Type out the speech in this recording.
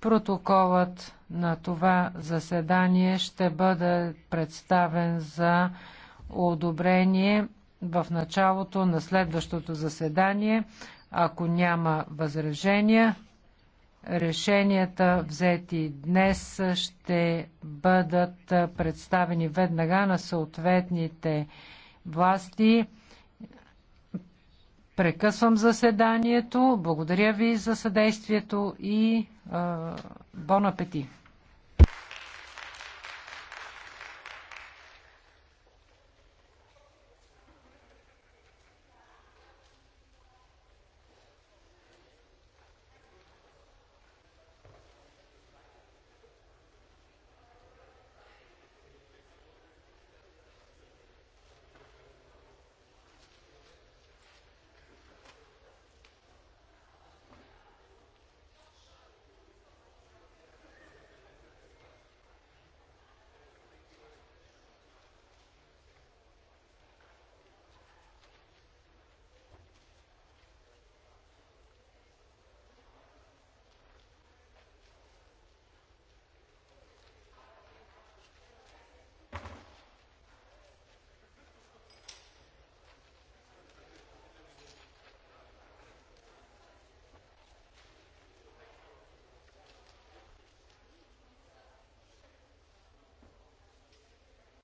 Протоколът на това заседание ще бъде представен за одобрение в началото на следващото заседание. Ако няма възражения, решенията взети днес ще бъдат представени веднага на съответните власти. Прекъсвам заседанието. Благодаря ви за съдействието и бон апети!